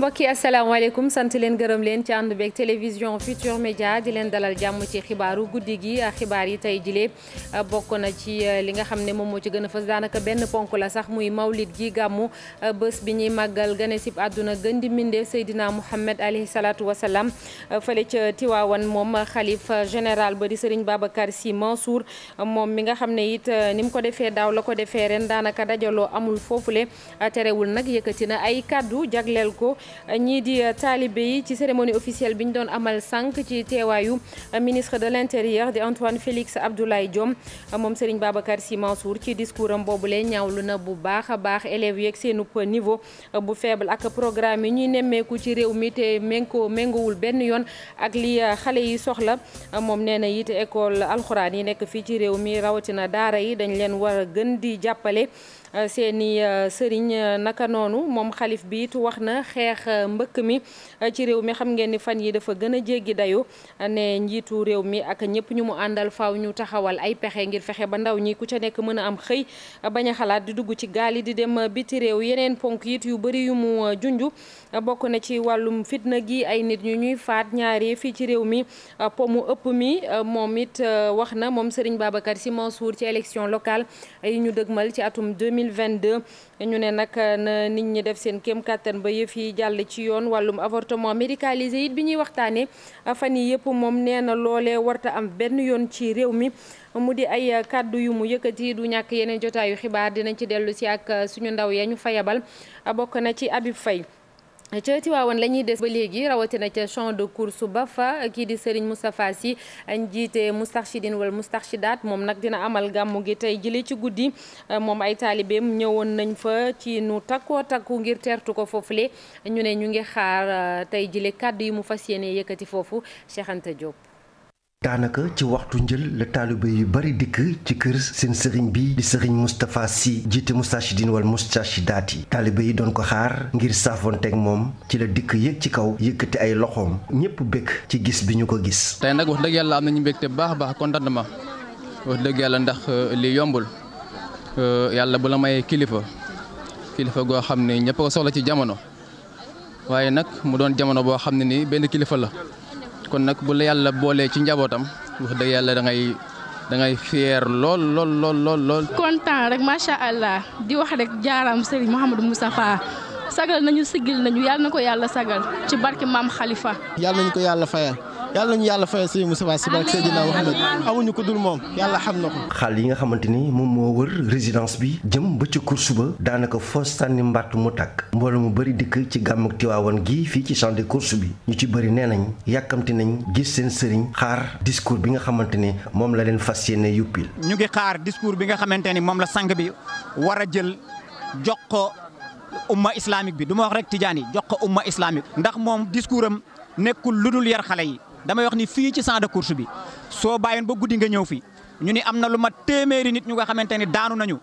mbokk yi asalaamaaleykum sant leen gërëm leen ci ànd beeg télévision Futur Média di leen dalal jàmm ci xibaaru guddi gi xibaar yi tey jilee bokk na ci eh, li nga xam ne moom moo ci gën a fës daanaka benn ponk la sax muy mawlid gi gàmmu eh, bés bi ñuy màggal gane sib àdduna gën di mbindee Seydina Mouhamed alayhi salaatu wasalaam eh, fële ca Tiwaawan moom xalif général ba di Serigne Babacar Sy Mansour moom mi nga xam ne it ni mu ko defee daaw la ko defee ren daanaka dajaloo amul foofule terewul nag yëkkati na ay kàddu jagleel ko ñii di taalibe yi ci cérémonie officielle bi ñu doon amal sànq ci teewaayu ministre de l'intérieur di Antoine Félix Abdoulaye Diome moom Serigne Babacar Sy Mansour ci discours am boobule ñaawlu na bu baax a baax élèves yeeg seenub niveau bu faible ak programme yi ñuy nemmeeku ci réew mi te méngoo méngoowul benn yoon ak li xale yi soxla moom nee na it école alxuraan yi nekk fii ci réew mi rawatina daara yi dañ leen war a gën di jàppale Euh, seen i euh, sëriñ euh, naka noonu moom xalif bi it wax na xeex mbëkk mi ci réew mi xam ngeen ni fan yi dafa gën a jéggi dayu ne njiitu réew mi ak ñëpp ñu mu àndal faw ñu taxawal ay pexe ngir fexe ba ndaw ñi ku ca nekk mën a am xëy bañ a xalaat di dugg ci gaal yi di dem biti réew yeneen ponk it yu bëri yu mu junj bokk na ci wàllum fitna gi ay nit ñu ñuy faat ñaari fii ci réew mi mu ëpp mi moom it wax na moom sëriñ Babacar Sy Mansour ci élection locale yi ñu dëgmal ci atum 2022 ñu ne nag euh, na nit ñi def seen kéem kàttan ba yëf yi jàll ci yoon wàllum avortement médicalisé it bi ñuy waxtaanee fan yi yëpp moom nee na loolee warta am benn yoon ci réew mi mu di ay kàddu yu mu yëkkati du ñàkk yeneen jotaayu xibaar dinañ ci dellu si ak euh, suñu ndaw ya ñu fayabal bokk na ci Habib fay ca Tiwaawan la ñuy des ba léegi rawatina ca champ de course ba fa kii di Serigne Moustapha Sy njiite Moustarchidine wala Moustarchidaat moom nag dina amal gàmmu gi tey jëlee ci guddi moom ay taalibeem ñëwoon nañ fa ci nu takkoo takku ngir teertu ko foofu foofule ñu ne ñu ngi xaar tey jële kàddu yi mu fas yéene yëkkati foofu Cheikh Anta daanaka ci waxtu njël la taalibe yu bari dikk ci kër seen sëriñ bi di sëriñ Moustapha si jiite Moustarchidine wal Moustarchidaat yi taalibe yi doon ko xaar ngir saafonteeg moom ci la dikk yëg ci kaw yëkkati ay loxoom ñëpp bëgg ci gis bi ñu ko gis. tey nag wax dëgg yàlla am nañu mbégte baax baax contentement wax dëgg yàlla ndax euh, li yombul euh, yàlla bu la may kilifa kilifa goo xam ne ñëpp ko soxla ci jamono waaye nag mu doon jamono boo xam ne nii benn kilifa la. kon nag bu yàlla boolee ci njabootam wax dëgg yàlla dangay ngay da ngay fier lool lool lool lool rek macha allah di wax rek jaaraam Serigne Mouhamadou Moustapha sagal nañu sigil nañu yàlla na ko yàlla sagal ci barke maam Khalifa. yàlla nañu ko yàlla fayal. yàlla ñu yàlla fayal sëñ Moustapha Sy barke Seydina Muhammad amuñu ko dul moom yàlla xam na ko. xal yi nga xamante ni moom moo wër résidence bi jëm ba ci course ba daanaka foo sànni mbàtt mu takk mboolu mu bëri dikk ci gàmmug Tiwaawan gi fii ci champ de course bi ñu ci bëri nee nañ yàkkamti nañ gis seen sëriñ xaar discours bi nga xamante ni moom la leen fas yéene yuppil. ñu ngi xaar discours bi nga xamante ni moom la sang bi war a jël jox ko umma islamique bi duma wax rek tijaan yi jox ko umma islamique. ndax moom discours am nekkul lu dul yar xale yi damay wax ni fii ci champ de course bi soo bàyyoon ba guddi nga ñëw fi ñu ni am na lu ma téeméeri nit ñu nga xamante ni daanu nañu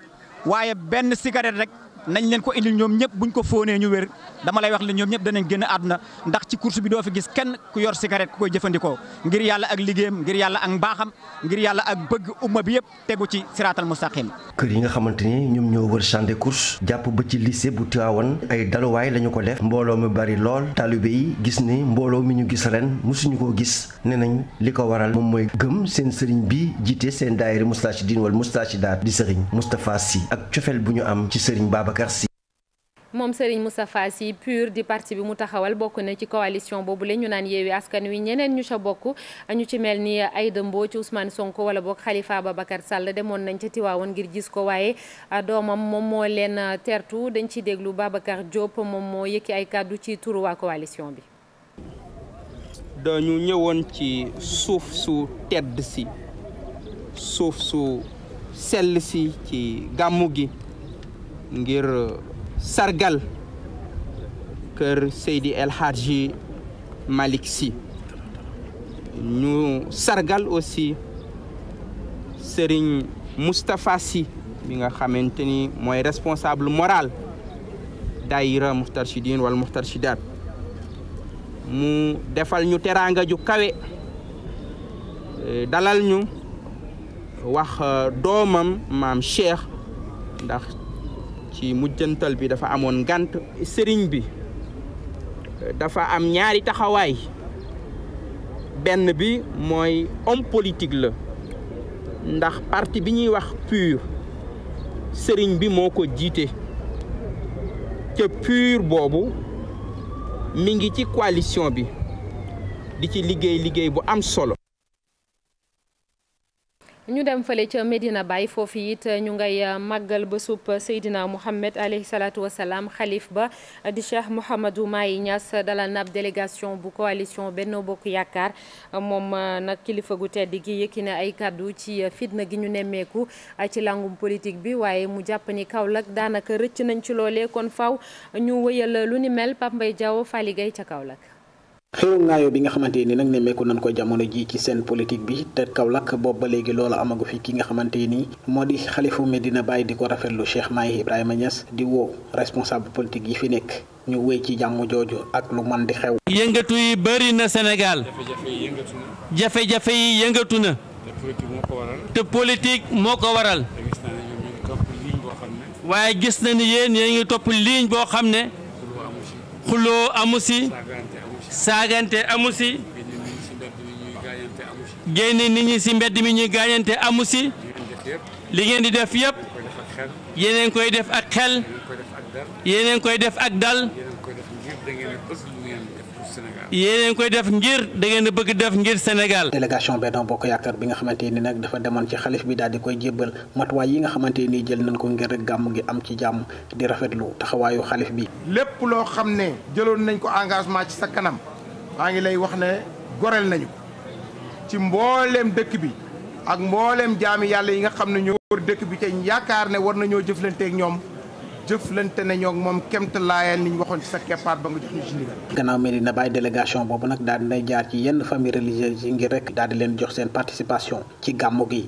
waaye benn cigarette rek. nañ leen ko indi ñoom ñëpp buñ ko fóonee ñu wér dama lay wax ne ñoom ñëpp danañ génn àdduna ndax ci course bi doo fi gis kenn ku yor cigarette ku koy jëfandikoo ngir yàlla ak liggéeyam ngir yàlla ak mbaaxam ngir yàlla ak bëgg umma bi yëpp tegu ci siraatal mustaqim kër yi nga xamante ni ñoom ñoo wër champ de course jàpp ba ci lycée bu Tivaouane ay daluwaay lañu ko def mbooloo mu bari lool taalibe yi gis ni mbooloo mi ñu gis ren mësuñu koo gis ne nañ li ko waral moom mooy gëm seen sëriñ bi jiite seen daayiri Moustarchidine wal Moustarchidaat di sëriñ Moustapha Sy ak cofeel bu ñu am ci sëriñ Babacar moom Serigne Moustapha Sy PUR di parti bi mu taxawal bokk na ci coalition boobu la ñu naan yeewi askan wi ñeneen ñu ca bokk ñu ci mel ni ay Mbodj ci Ousmane Sonko wala boog Khalifa Ababacar sàll demoon nañ ca Tiwaawoon ngir gis ko waaye ah, doomam moom moo leen ah, tertu dañ ciy déglu Babacar Diop moom moo yëkki ay kàddu ci turu waa coalition bi. dañu ñëwoon ci suuf su tedd si suuf su sell si ci gàmmu gi. ngir uh, sargal kër Seydi El Hadji Malick Sy ñu sargal aussi sëriñ Moustapha Sy bi nga xamante ni mooy responsable moral daayira muhtarshidin wal muhtarshidat mu defal ñu teraanga ju kawe eh, dalal ñu wax uh, doomam maam Cheikh ndax ci mujjantal bi dafa amoon ngànt sëriñ bi dafa am ñaari taxawaay benn bi mooy homme politique la ndax parti bi ñuy wax PUR sëriñ bi moo ko jiite ca PUR boobu mi ngi ci coalition bi di ci liggéey liggéey bu am solo ñu dem fële ca Medina Baye foofu it ñu ngay uh, màggal ba bésub Seydina Mouhamed alayhi salaatu wa xalif ba di Cheikh Mouhamadou Mahi Niass dalal na ab délégation bu coalition benn Bokk Yaakaar moom uh, nag kilifa gu tedd gi yëkki na ay kàddu ci uh, fitna gi ñu nemmeeku ci langum politique bi waaye mu jàpp ni Kaolack daanaka rëcc nañ ci loole kon faw ñu wëyal lu ni mel Pape Mbaye Diaw ca Kaolack. xew ngaayoo bi nga xamante ni nag nemmeeku nañ ko jamono ji ci seen politique bi te Kaolack boobu ba léegi loola amagu fi ki nga xamante nii moo di xalifu dina bàyyi di ko rafetlu Cheikh Mahi Ibrahima ñas di woo responsable politique yi fi nekk ñu wéy ci jàmm jooju ak lu man di xew. yëngatu yi bëri na Sénégal. jafe-jafe yi yëngatu na. te politique moo ko waral. waaye gis na ni yéen yéen ngi topp ligne boo xam ne. xuloo amu saagante amu si. génne nit ñi si mbedd mi ñuy gaañante amu si. li ngeen di def yëpp. yeneen koy def ak xel. yeneen koy def ak dal. yéen koy def ngir da ngeen a bëgg def ngir Sénégal. délégation Benno Bokk Yaakaar bi nga xamante ni nag dafa demoon ci xalif bi daal di koy jébbal matuwaay yi nga xamante ni jël nañ ko ngir gàmm gi am ci jàmm di rafetlu taxawaayu xalif bi. lépp loo xam ne jëloon nañ ko engagement ci sa kanam maa ngi lay wax ne gorel nañu ci mbooleem dëkk bi ak mbooleem jaami yàlla yi nga xam ne ñoo wër dëkk bi te yaakaar ne war nañoo jëflanteeg ñoom. jëflante nañoo ak moom kemt laayal ni ñu waxoon ci sa keppaat ba nga jox ñu ci ndigal. gannaaw Medina boobu nag daal dinay jaar ci yenn famille religieuse yi ngir rek daal leen jox seen participation ci gàmmu gi.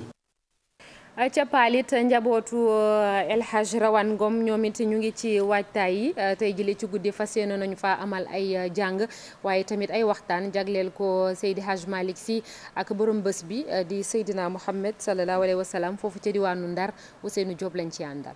ca paalit njabootu uh, El Hadj Rawane Ngom ñoom ñu ngi ci waajtaay yi uh, tey jëlee ci guddi fas yéene nañu fa amal ay uh, jàng waaye tamit ay waxtaan jagleel ko Seydi Hadj Malick Sy ak borom bés bi di Seydina Mouhamed sallallahu alayhi wa sallam foofu ca diwaanu Ndar Ousseynou Diop lañ ci àndal.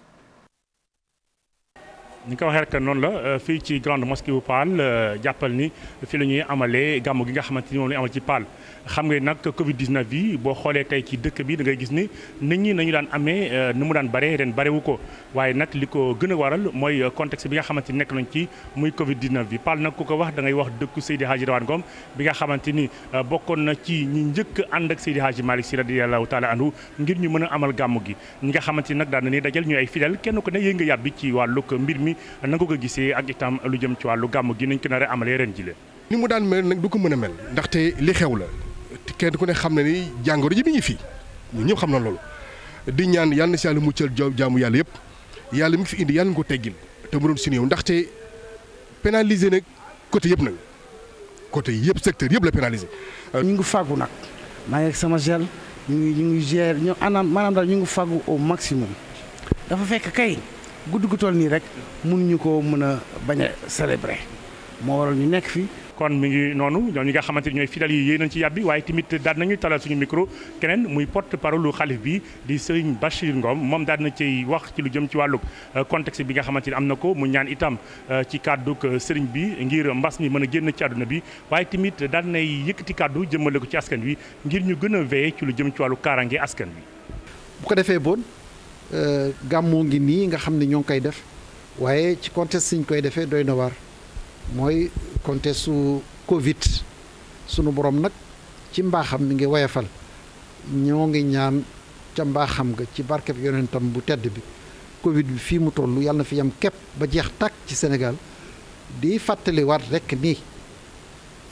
ni ko waxee rek noonu la euh, fii ci grande mosquée bu Paal euh, jàppal ni fii la ñuy amalee gàmmu gi nga xamante ni moom la ñu ci Paal xam nga nag Covid 19 bi boo xoolee tey ci dëkk bi da ngay gis ni nit ñi nañu daan amee euh, ni mu daan bare ren barewu ko waaye nag li ko gën a waral mooy contexte bi nga xamante ni nekk nañ ci muy Covid 19 bi Paal nag ku ko wax da ngay wax dëkku Seydi Hadji Rawane Ngom bi nga xamante ni bokkoon na ci ñu njëkk ànd ak Seydi Hadji Malick Sy radiyallahu taala anhu ngir ñu mën a amal gàmmu gi ñi nga xamante ni nag daan nañuy ñu ay fidèles kenn ku ne yéen nga yàbbi ci wàllug mbir mi na nga ko gisee ak itam lu jëm ci wàllu gàmm gi nañ ko nar a amalee ren jile ni mu daan mel nag du ko mën a mel ndaxte li xew la kenn ku ne xam na ni jàngoro ji mi ngi fii ñu ñëpp xam na loolu di ñaan yàlla na si yàlla muccal jaamu yàlla yëpp yàlla mi ngi fi indi yàlla nga ko teggil te mu doon suñu yow ndaxte pénaliser nag côté yëpp nag côté yëpp secteur yëpp la pénaliser. ñu ngi fàggu nag maa ngi sama gel ñu ngi ñu ngi gérer ñu anam maanaam daal ñu ngi fàggu au maximum dafa fekk kay. gudd gu toll nii rek mënuñu ko mën a bañ a moo waral ñu nekk fi. kon mu ngi noonu ñoom ñi nga xamante ni ñooy fidèles yi yéen nañ ci yàbbi waaye tamit daal nañu talal suñu micro keneen muy porte parole lu bi di Serigne Bachir Ngom moom daal na ciy wax ci lu jëm ci wàllu euh, contexte bi nga xamante ni am na ko mu ñaan itam euh, ci kàddug euh, Serigne bi ngir mbas mi mën a génn ci àdduna bi waaye tamit daal nay yëkkati kàddu jëmale ko ci askan wi ngir ñu gën a veillé ci lu jëm ci wàllu kaaraange askan wi. bu ko defee bon Euh, gàmmoo ngi nii nga xam ne ñoo koy def waaye ci contexte yi ñu koy defee doy na waar mooy contexte su Covid sunu borom nag ci mbaaxam mi ngi wayafal ñoo ngi ñaan ca mbaaxam nga ci barkeb yonentam bu tedd bi Covid bi fii mu toll yàlla na fi yam képp ba jeex tàkk ci Sénégal di fàttaliwaat rek nii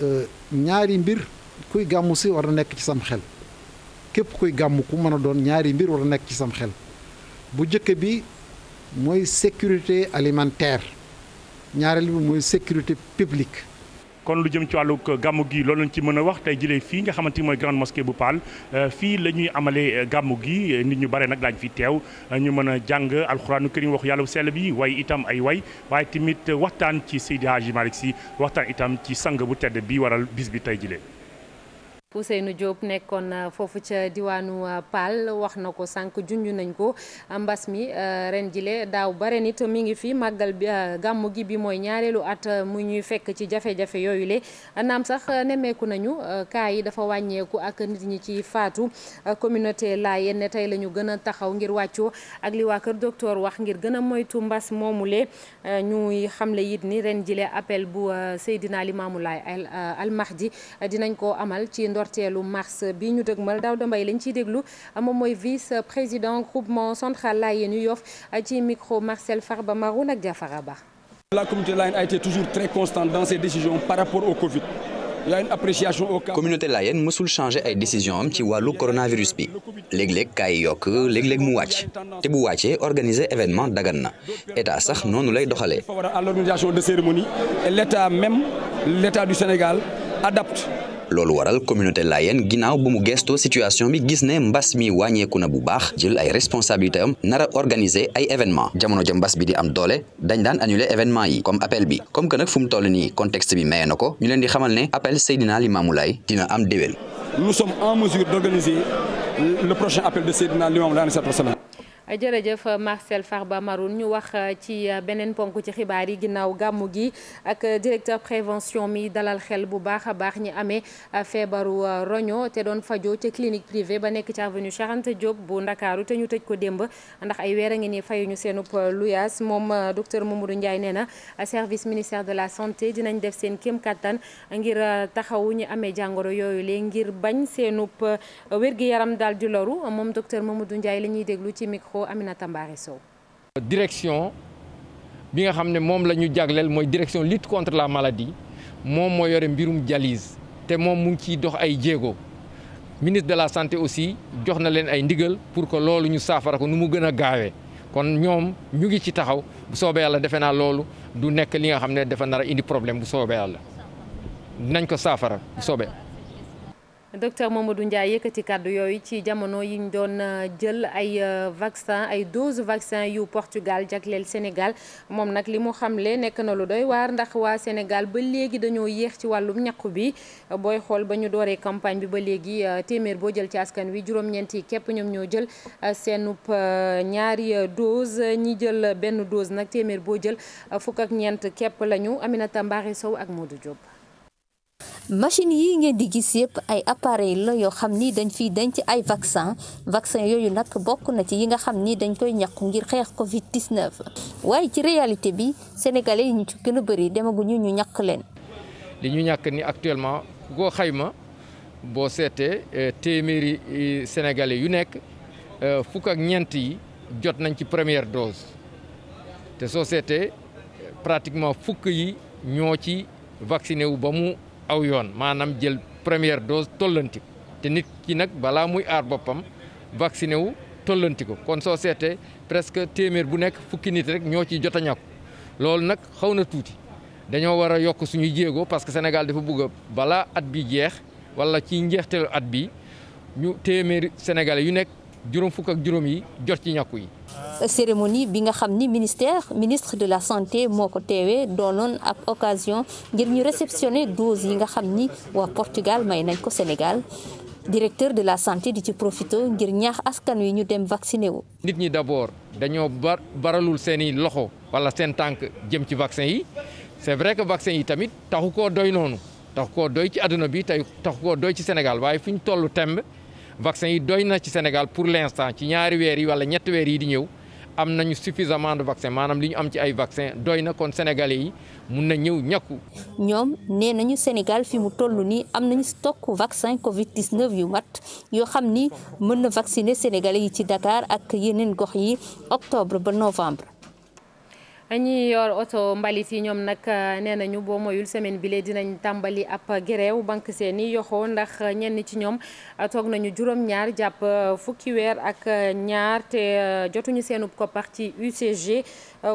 euh, ñaari mbir kuy gàmmu si war a nekk ci sam xel képp kuy gàmmu ku mën a doon ñaari mbir war a nekk ci sam xel. bu njëkk bi mooy sécurité alimentaire ñaareel bi mooy sécurité publique. kon lu jëm ci wàllu gàmmu gi loolu lañ ci mën a wax tey jëlee fii nga xamante ni mooy grande mosquée bu Paal euh, fii la ñuy amalee euh, gàmmu gi euh, nit ñu bare nag daañu fi teew ñu mën a jàng alxuraanu karim wax yàlla bu sell bi way itam ay way waaye tamit waxtaan ci Seydi Hadji Malick Sy waxtaan itam ci sang bu tedd bi waral bis bi tey jilee Ousseynou Diop nekkoon euh, foofu ca diwaanu euh, Paal wax na ko sànq junj nañ ko euh, mbas mi ren jile daaw bare nit mi ngi fi màggal bi gàmmu gi bi mooy ñaareelu at mu ñuy fekk ci jafe-jafe yooyu le naam sax nemmeeku nañu kaa yi dafa wàññeeku ak nit ñi ci faatu communauté la yenn tey la ñu gën a taxaw ngir wàccoo ak li waa kër docteur wax ngir gën a moytu mbas moomu moomule ñuy xamle yit ni ren jile appel bu Seydina Limaamu Laay al dinañ ko amal ci ndorteelu mars bi ñu dëgmal Daouda Mbaye lañ ciy déglu moom mooy vice président groupement central Layène yu Yoff ci micro Marcel Farba Maroun ak Diafara Ba. La communauté Layène a été toujours très constante dans ses décisions par rapport au Covid. y a une appréciation au cas. communauté Layène mësul changé ay décision am ci wàllu coronavirus bi léeg-léeg kaay yokk léeg-léeg mu wàcc te bu wàccee organiser événement dagan na état sax noonu lay doxalee. à l'organisation de cérémonie et l'état même l'état du Sénégal adapte. loolu waral communauté Layène ginnaaw bu mu gestoo situation bi gis ne mbas mi wàññeeku na bu baax jël ay responsabilité am nar a organiser ay événement jamono ja mbas bi di am doole dañ daan annuler événement yi comme appel bi comme que nag fu toll nii contexte bi maye na ko ñu leen di xamal ne appel Seydina Limamou Laye dina am déwén. nous sommes en mesure d'organiser le prochain appel de Seydina Limamou Laye jërëjëf euh, Marcel Farba Maroun ñu wax euh, ci euh, beneen ponk ci xibaar yi ginnaaw gàmmu gi ak directeur prévention mi dalal xel bu baax a baax ñi amee feebaru roño te doon fajoo ca clinique privée ba nekk ci avenue Cheikh Anta bu Ndakaaru te ñu tëj ko démb ndax ay weer a ngi nii fayuñu seenub luyaas moom docteur Mamadou Ndiaye nee na service ministère de la santé dinañ def seen kéem kattan ngir taxawu ñi amee jàngoro yooyu lee ngir bañ seenub wér-gi-yaram daal di loru moom docteur Mamadou Ndiaye la ñuy déglu ci micro woo Aminata Mbaare Sow. direction bi nga xam ne moom la ñu jagleel mooy direction lutte contre la maladie moom moo yore mbirum jaliis te moom mu ngi ciy dox ay jéego ministre de la santé aussi jox na leen ay ndigal pour que loolu ñu saafara ko nu mu gën a gaawee kon ñoom ñu ngi ci taxaw bu soobee yàlla defe naa loolu du nekk li nga xam ne dafa nara a indi problème bu soobee yàlla dinañ ko saafara bu soobee. docteur Mamadou Ndiaye yëkkati kàddu yooyu ci jamono yi ñu doon euh, jël ay euh, vaccin ay dose vaccin yu Portugal jagleel Sénégal moom nag li mu xamle nekk na lu doy waar ndax waa Sénégal ba léegi dañoo yéex ci wàllum ñàkku bi booy xool ba ñu dooree campagne bi ba léegi euh, téeméer boo jël ci askan wi juróom-ñeenti képp ñoom ñoo jël seenub ñaari dose ñi jël benn dose nag téeméer boo jël fukk ak ñeent képp lañu na Mbaare Sow ak Modou Diop. machine yi ngeen di gis yëpp ay appareil la yoo xam ni dañ fiy denc ay vaccin vaccin yooyu nag bokk na ci yi nga xam ni dañ koy ñàkku ngir xeex covid 19 waaye ci réalité bi sénégalais yi ñu ci gën a bëri demaguñu ñu ñàkk leen li ñàkk ni actuellement boo xayma boo seetee euh, téeméeri euh, sénégalais yu nekk euh, fukk ak ñeent yi jot nañ ci première dose te soo seetee pratiquement fukk yi ñoo ci vacciné wu ba mu aw yoon maanaam jël première dose tollanti ko te nit ki nag balaa muy aar boppam vacciné wu tollanti ko kon soo seetee presque téeméer bu nekk fukki nit rek ñoo ciy jot a loolu nag xaw na tuuti dañoo war a yokk suñuy jéego parce que Sénégal dafa bëgg a balaa at bi jeex wala ci njeexteelu at bi ñu téeméer Sénégalais yu nekk juróom fukk ak juróom yi jot ci ñàkku yi. cérémonie bi nga xam ni ministère ministre de la santé moo ko teewee doonoon ab occasion ngir ñu réceptionner dose yi nga xam ni waa Portugal may nañ ko Sénégal directeur de la santé di ci profité ngir ñaax askan wi ñu dem vacciné wu. nit ñi d'abord dañoo bar baralul seeni loxo wala seen tànk jëm ci vaccin yi c'est vrai que vaccin yi tamit taxu koo doy noonu taxu koo doy ci àdduna bi tey taxu koo doy ci Sénégal waaye fi ñu tollu temb vaccin yi doy na ci Sénégal pour l'instant ci ñaari weer yi wala ñetti weer yi di ñëw. am nañu suffisamment de maanaam li ñu am ci ay vaccin doy na kon sénégalais yi mun na ñëw ñakku ñoom nee nañu Sénégal fi mu toll nii am nañu stock vaccin Covid 19 yu mat yoo xam ni mën na vacciner sénégalais yi ci Dakar ak yeneen gox yi octobre ba novembre. ñi yor oto mbalit yi ñoom nag euh, nee nañu boo moyul semaine bi lee dinañ tàmbali ab grève banque seeni yoxoo ndax ñenn ci ñoom euh, toog nañu juróom-ñaar jàpp euh, fukki weer ak ñaar te jotuñu seenub koppax ci UCG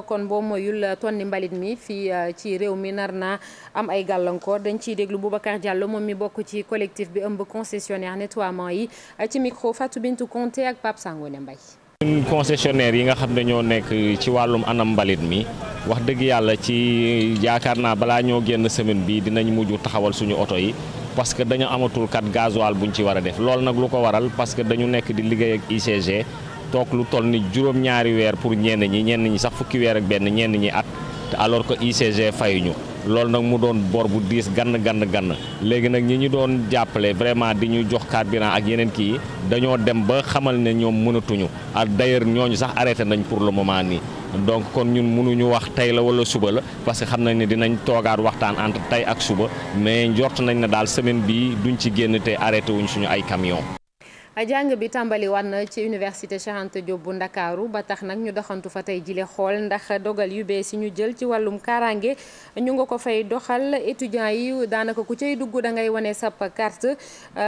kon boo moyul tonni mbalit mi fii ci réew mi nar naa am ay gàllankoor dañ ciy déglu Boubacar Diallo moom mi bokk ci collectif bi ëmb concessionnaire nettoiement yi ci micro Fatou Bintou Conté ak Pape Sangone Mbaye ñun concessionnaire yi nga xam ne ñoo nekk ci wàllum anam mbalit mi wax dëgg yàlla ci yaakaar naa balaa ñoo génn semaine bi dinañ mujj taxawal suñu oto yi parce que dañu amatul kat gasoil buñ ci war a def loolu nag lu ko waral parce que dañu nekk di liggéey ak ICG toog lu toll ni juróom-ñaari weer pour ñenn ñi ñenn ñi sax fukki weer ak benn ñenn ñi at te alors que ICG fayuñu loolu nag mu doon boor bu diis gann gann gann léegi nag ñi ñu doon jàppale vraiment di ñu jox carburant ak yeneen kii dañoo dem ba xamal ne ñoom mënatuñu ak d'ailleurs ñooñu sax arrêté nañ pour le moment nii donc kon ñun mënuñu wax tey la wala suba la parce que xam nañ ne dinañ toogaat waxtaan entre tey ak suba mais njort nañ ne daal semaine bii duñ ci génn te arrêté wuñ suñu ay camion jàng bi tàmbaliwaat na ci université Cheikh Anta bu Ndakaaru ba tax nag ñu doxantu fa tey jile xool ndax dogal yu bees yi ñu jël ci wàllum kaaraange ñu nga ko fay doxal étudiants yi daanaka ku cay dugg da ngay wane sa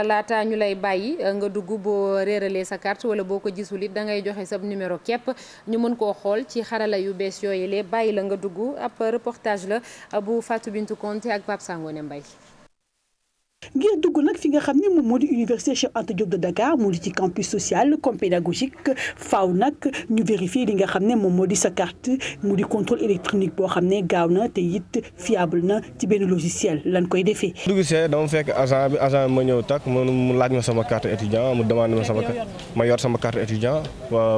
laata ñu lay bàyyi nga dugg boo réeralee sa carte wala boo ko gisul it dangay joxe sa numéro képp ñu mën koo xool ci xarala yu bees yooyu lee bàyyi la nga dugg ab reportage la bu Fatou Bintou Conté ak Pape Sangone Mbaye ngir dugg nag fi nga xam ne moom moo di université Cheikh Anta Diop de Dakar mu di ci campus social comme pédagogique faaw nag ñu vérifier li nga xam ne moom moo di sa carte mu di contrôle électronique boo xam ne gaaw na te it fiable na ci benn logiciel lan koy defee. dugg see dama fekk agent bi agent bi ma ñëw takk mu laaj ma sama carte étudiant mu demande ma sama ma yor sama carte étudiant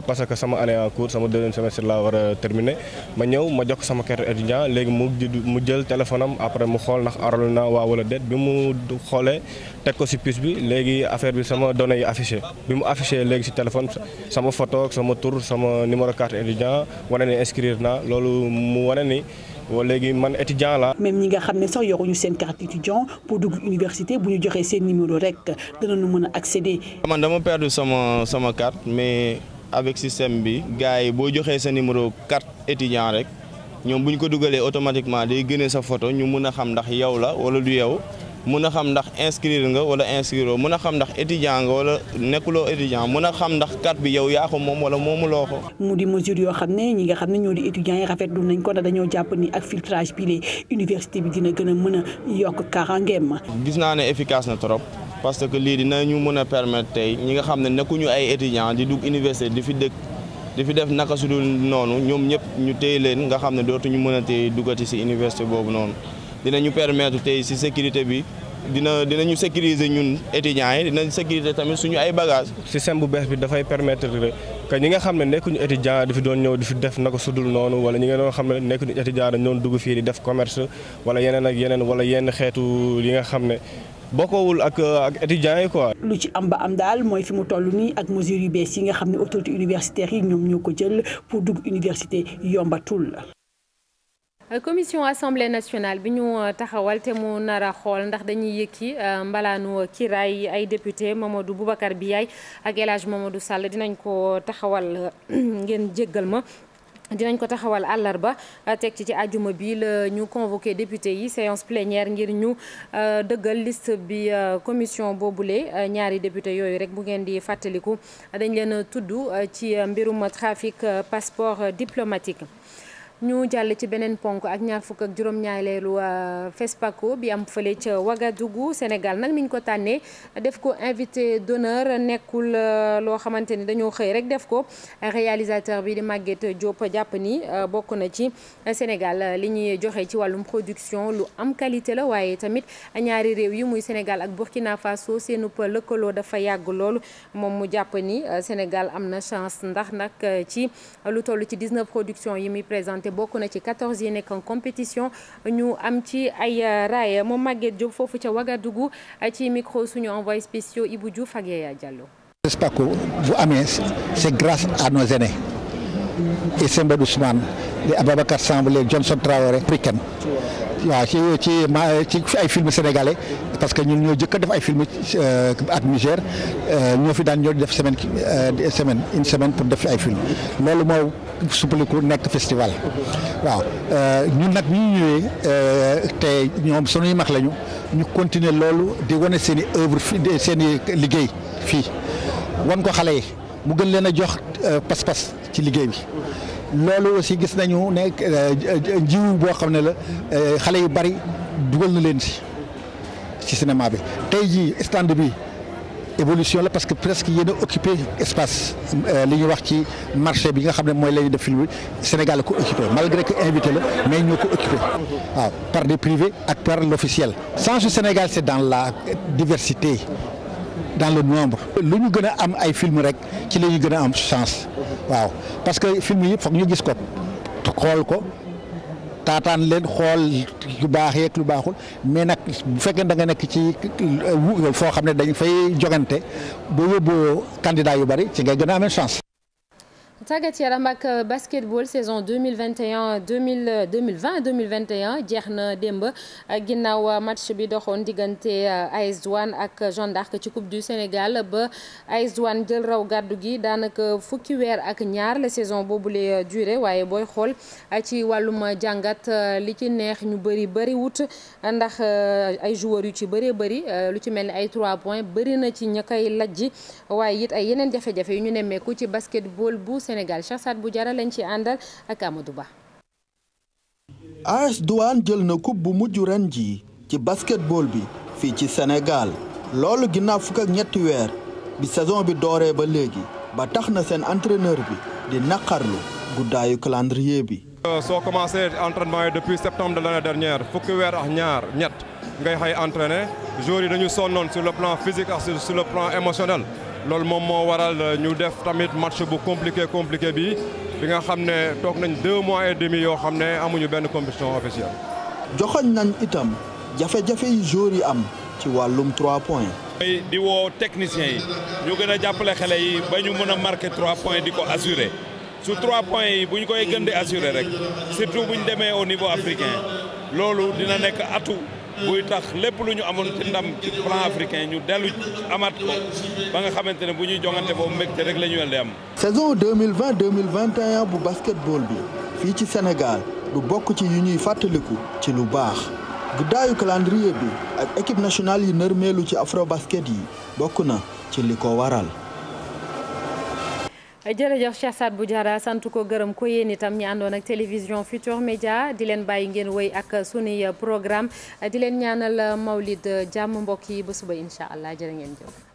parce que sama année en cours sama deuxième semestre laa war a terminer ma ñëw ma jox sama carte étudiant léegi mu mu jël téléphone am mu xool ndax aral na waa wala déet bi mu. xoolee teg ko si puce bi léegi affaire bi sama données yi affiché bi mu affiché léegi si téléphone sama photo sama tur sama numéro carte étudiant wane ni inscrire naa loolu mu wane ni wala léegi man étudiant la même ñi nga xam ne sax yoruñu seen carte étudiant pour dugg université bu ñu joxee seen numéro rek danañu mën a accéder. man dama perdu sama sama carte mais avec système bi gars yi boo joxee sa numéro carte étudiant rek. ñoom bu ñu ko dugalee automatiquement day génne sa photo ñu mën a xam ndax yow la wala du yow mun a xam ndax inscrire nga wala inscrire mun a xam ndax étudiant nga wala nekkuloo étudiant mun a xam ndax carte bi yow yaa ko moom wala moomuloo ko. mu di mesure yoo xam ne ñi nga xam ne ñoo di étudiants yi rafetlu nañ ko dañoo jàpp ni ak filtrage bi université bi dina gën a mën a yokk kaaraangeem. gis naa ne efficace na trop. parce que lii dinañu mën a permettre tey ñi nga xam ne nekkuñu ay di dugg université di fi dëkk di fi def naka sudul noonu ñoom ñëpp ñu téye leen nga xam ne dootuñu mën a téye duggati si université boobu noonu. dina ñu permettre tey si sécurité bi dina dinañu sécuriser ñun étudiants yi dinañ sécuriser tamit suñu ay bagages. système bu bees bi dafay permettre que ñi nga xam ne nekkuñu étudiant dafi doon ñëw di fi def na ko sudul noonu wala ñu nga doon xam ne nekkuñu étudiant dañ doon dugg fii di def commerce wala yeneen ak yeneen wala yenn xeetu yi nga xam ne. bokkowul ak ak étudiants yi quoi. lu ci am ba am daal mooy fi mu toll nii ak mesures yu bees yi nga xam ne autorités universitaires yi ñoom ko jël pour dugg université yombatul. Euh, commission assemblée nationale bi ñu euh, taxawal te mu nar a xool ndax dañuy yëkki euh, mbalaanu kiraay ay député Mamadou bi Biaye ak El Hadj Mamadou Sall dinañ ko taxawal ngeen jéggal ma. dinañ ko taxawal àllarba teg ci ci àjjuma bi la ñu convoqué député yi séance plénière ngir ñu dëggal list bi commission boobule ñaari député yooyu rek bu ngeen di fàttaliku dañ leen tudd ci mbirum trafic passeport diplomatique. ñu jàll ci beneen ponk ak ñaar fukk ak juróom-ñaareelu euh, fespako bi am fële ca Ouagadougou Sénégal nag niñ ko tànnee def ko invité d'honneur nekkul euh, loo xamante ni dañoo xëy rek def ko réalisateur bi di màgget Maguette Diop jàpp ni euh, bokk na ci Sénégal li ñuy joxe ci wàllum production lu am qualité la waaye tamit ñaari réew yi muy Sénégal ak Burkina Faso seenu lëkkaloo dafa yàgg loolu moom mu jàpp ni Sénégal am na chance ndax nag ci lu toll ci 19 production yi muy présenté bokk na ci 14 yi nekk en compétition ñu am ci ay euh, raay moom Maguette Diop foofu ca Ouagadougou euh, ci micro suñu envoyé spéciaux Ibou Diouf ak Yaya Diallo. J'espère que bu amee c'est grâce à nos aînés. i Sembène Ousmane di Ababacar Sambalé Johnson Traoré africaine waaw ci ci ci ay film sénégalais parce que ñun ñoo jëkk def ay film euh, at Niger euh, ñoo fi daan ñoo def semaine euh, semaine une semaine pour def ay film loolu moo suppaliku nekk festival waaw ñun nag ñu ñëwee te ñoom sunuy max lañu ñu continuer loolu di wane seen i œuvre fi seen i liggéey fii wan ko xale yi mu gën leen a jox pas-pas ci liggéey bi loolu aussi gis nañu ne euh, jiwu boo xam ne la euh, xale yu bari dugal na leen si ci cinéma bi tey jii stand bi évolution la parce que presque yéen a occupé espace euh, li ñu wax ci marché bi nga xam ne mooy la def film bi Sénégal la ko occupé malgré que invité la mais ñoo ko occupé waaw par des privés ak par l'officiel sens Sénégal c'est dans la diversité dans le nombre lu ñu gën a am ay film rek ci la ñu gën a am chance waaw parce que film yëpp foog ñu gis ko xool ko taataan leen xool lu baax yeeg lu baaxul mais nag bu fekkee da nga nekk ci euh, foo xam ne dañ fay jogante boo yóbboo candidat yu bari ci ngay gën a amee chance tàggat yaram ak euh, basketball saison 2021 2000 2020 2021 jeex na démb ginnaaw euh, match bi doxoon diggante euh, AS Douanes ak Jeanne ci coupe du Sénégal ba AS Douanes jël raw gàddu gi daanaka fukki weer ak ñaar la saison boobule durée waaye booy xool ci wàllum jàngat li ci neex ñu bëri bëri wut ndax ay joueurs yu ci bëree bëri lu ci mel ni ay 3 points bëri na ci ña koy lajji waaye it ay yeneen jafe-jafe yu ñu nemmeeku ci basketball bu. Sénégal Cheikh Saad Boudiara lañ ci àndal ak Amadou Ba. AS Douane jël na coupe bu mujj ren ji ci basketball bi fii ci Sénégal loolu ginnaaw fukk ak ñetti weer bi saison bi dooree ba léegi ba tax na seen entraîneur bi di naqarlu guddaayu calendrier bi. Euh, soo commencé entraînement yi depuis septembre de l' année dernière fukki weer ak ñaar ñett ngay xay entraîné joueurs yi dañu sonnoon sur le plan physique ak sur le plan émotionnel. loolu moom moo waral euh, ñu def tamit match bu compliqué compliqué bi bi nga xam ne toog nañ deux mois et demi yoo xam ne amuñu benn compétition officielle. joxoñ nañ itam jafe-jafe yi joueurs yi am ci wàllum trois point points. di woo techniciens yi ñu gën a jàppale xele yi ba ñu mën a marqué trois point di ko assuré su trois points yi bu ñu koy gën di assuré rek surtout bu ñu demee au niveau africain loolu dina nekk atu. buy tax lépp lu ñu amoon ci ndam ci plan africain ñu dellu amat ko ba nga xamante ne bu ñuy jongante moom mbégte rek la ñu yàlla am. saison 2020 2021 bu basketball bi fii ci Sénégal du bokk ci yu ñuy fàttaliku ci lu baax. guddaayu calendrier bi ak équipe nationale yi nërmeelu ci afro basket yi bokk na ci li ko waral. jërëjëf Cheikh Saad Bou Diarra sant ko gërëm ko yéen itam ñi àndoon ak télévision Futur Média di leen bàyyi ngeen wéy ak sunuy programme di leen ñaanal mawlid jàmm mbokk yi ba suba incha allah jërë ngeen jëf